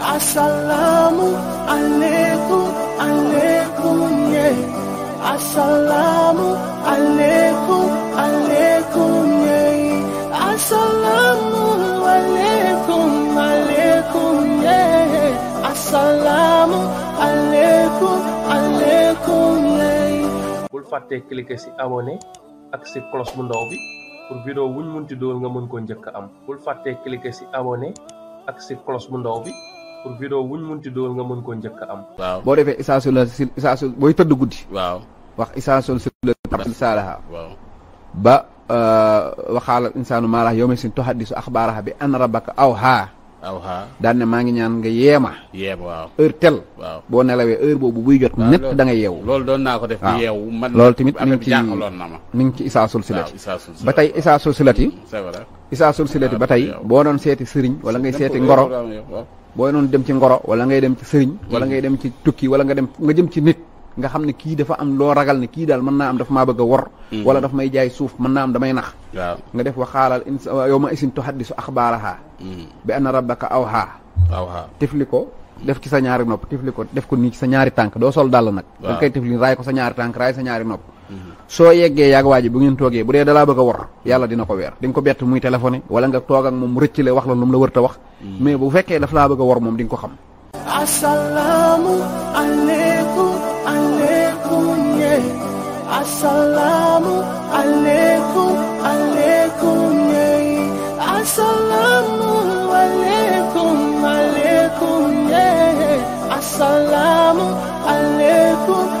Assalamu alaikum, alaikum, ye. Assalamu alaikum, alaikum, ye. Assalamu alaikum, alaikum, ye. Assalamu alaikum, alaikum, yeah. Bul fàtte cliquer si abonné ak si cloche bu ndaw bi pour vidéo wuñ mën ti door nga mën ko ñëk am bul fàtte cliquer si abonné ak si cloche bu ndaw bi pour vidéo wuñ munti dool nga mën ko ñëk am. waaw bo défé isaasu la si isaasu booy tëdd guddi. waaw wax isaasu sul sul tabsil waaw ba euh, waxal insanu maalax yawmi sin tuhaddisu akhbaraha bi an rabbaka aw haa. aw haa Dan ne maa ngi ñaan nga yema yeb waaw heure tel. waaw bo nelawé heure bobu buy jot. net da nga yew lool doon naa ko def bi yew man loolu tamit mi ngi ci mi ngi ci isaasul silati. waaw isaasul silati ba tey c'est vrai isaasul silati ba tey bo doon séti serigne wala ngay séti ngoro. boo noonu dem ci ngoro wala ngay dem ci sëriñ mm. wala ngay dem ci tukki wala nga dem nga jëm ci nit nga xam ne kii dafa am loo ragal ne kii daal mën naa am dafa maa bëgg wor mm. wala daf may jaay suuf mën naa am damay nax nga def wa xaalal in yow ma isin tuhaddisu axbaaraha mm. bi anna rabbaka awhaa awhaa tifli ko def ci sa ñaari nopp tifli ko def ko nii ci sa ñaari tànk doo sol dàll nag da nga koy tifli raay ko sa ñaari tànk raay sa ñaari nopp soya yeggee yaag waa ji bu ngeen toogee bu dee dalaa bëgg wor yàlla dina ko weer di nga ko bett muy téléphoné wala nga toog ak moom rëccile wax la lu mu la wër wax mm. mais bu bëgg wor ko xam ye ye ye